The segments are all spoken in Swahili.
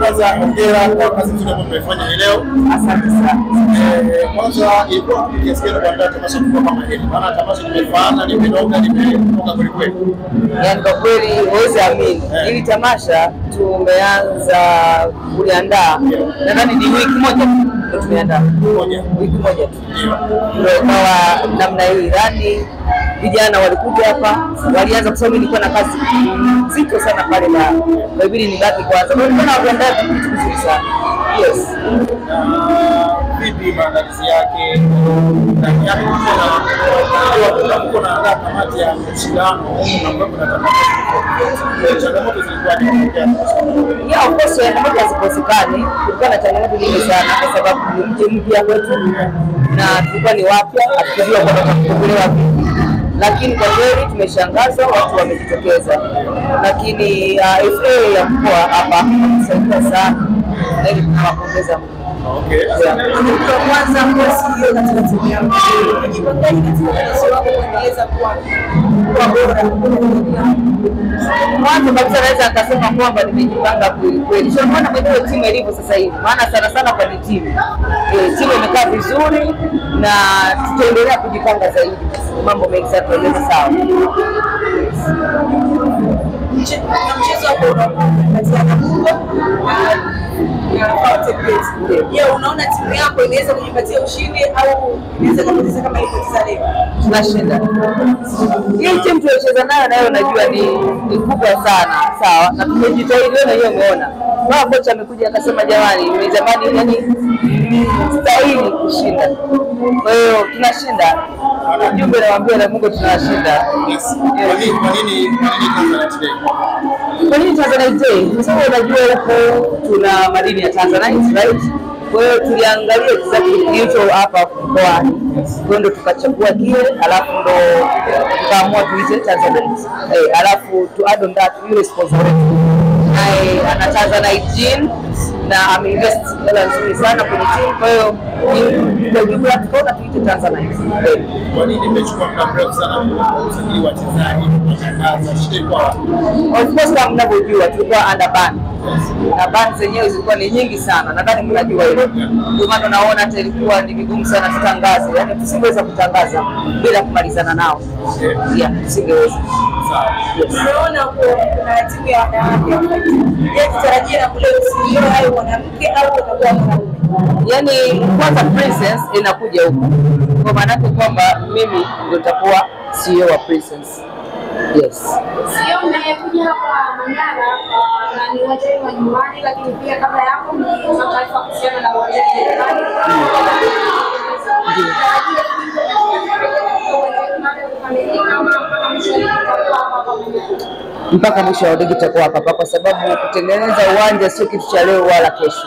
kwanza hongera kwa kazi nzuri ambayo mmefanya leo. Asante sana. Eh, kwanza ipo kiasi gani kuandaa tamasha kubwa kama hili? Maana tamasha nimefahamu, nimenoga, nimetoka kweli kweli. Na kwa kweli huwezi amini, eh. hili tamasha tumeanza kuliandaa nadhani ni wiki moja ndio tumeenda wiki moja tu, ndio ikawa namna hii rani. Vijana walikuja hapa, walianza, kwa sababu nilikuwa na kazi nzito sana pale na kwa hivyo nibaki kwanza, kwa nilikuwa nawaandaa kitu kizuri sana. Yes. Vipi maandalizi yake ya of course changamoto hazikosekani. Kulikuwa na changamoto nyingi sana kwa sababu ni mji mpya kwetu na tulikuwa ni wapya, hatukujua kwamba tutafunguliwa vipi, lakini kwa kweli tumeshangaza, watu wamejitokeza. Lakini uh, FA ya mkoa hapa kusaidia sana na ili kuwapongeza kwanza kuwa mwanangu kabisa anaweza akasema kwamba nimejipanga kweli. Sio maana mwenyewe timu ilivyo sasa hivi, maana sana sana kwa timu Eh, timu imekaa vizuri na tutaendelea kujipanga zaidi, mambo mengi sana tunaweza sawa na mchezo huo unaona timu yako inaweza kujipatia ushindi au inaweza kama leo? Tunashinda. Hii timu tuliocheza nayo nayo unajua ni kubwa sana, sawa, na tumejitahidi, wewe mwenyewe umeona baba kocha amekuja akasema, jamani, ni jamani, yani stahili kushinda. Kwa hiyo tunashinda. Ujumbe nawaambia na Mungu tunawashinda. Kwa nini Tanzanite Day? Kwa sababu unajua huko tuna madini ya Tanzanite, right? Kwa hiyo tuliangalia exactly kilicho hapa mkoani, kwa ndo tukachagua kile, alafu ndo tukaamua tuite Tanzanite, eh, alafu to add on that ile sponsor wetu ana Tanzanite gin na ameinvest hela nzuri sana kwenye team, kwa hiyo ndio tukaona tuite Tanzania. Kwa nini imechukua muda mrefu sana kusajili wachezaji kutangaza shida kwa Of course kama mnavyojua tulikuwa under ban. Na ban zenyewe zilikuwa ni nyingi sana, nadhani mnajua hilo. Ndio maana naona hata ilikuwa ni vigumu sana tutangaze, yaani tusingeweza kutangaza bila kumalizana nao. tusingeweza. Sawa. kuna timu ya wanawake. Yaani, Je, na kule usijio hayo mwanamke au utakuwa mwanaume? Yaani kwa sasa princess inakuja huko, kwa maana yake kwamba mimi ndio nitakuwa CEO wa princess. Yes. Sio e mnayekuja hapa na ni wa nyumbani, lakini pia kabla ya hapo mlitoa taarifa kuhusiana na Mpaka mwisho wa ligi itakuwa hapa, kwa sababu kutengeneza uwanja sio kitu cha leo wala kesho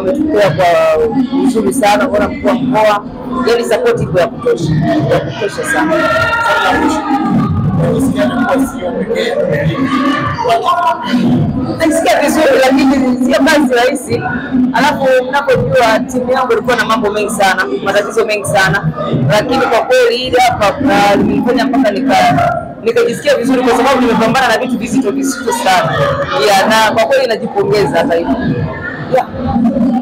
wametupea kwa uzuri sana, kuona mkuu wa mkoa yani sapoti iko ya kutosha, ya kutosha sana Nasikia vizuri lakini sio kazi rahisi. Alafu mnapojua timu yangu ilikuwa na mambo mengi sana, matatizo mengi sana, lakini kwa kweli ile hapa ah, nilifanya mpaka nika nikajisikia vizuri kwa sababu nimepambana na vitu vizito vizito sana. Yeah, na kwa kweli najipongeza zaidi. 要。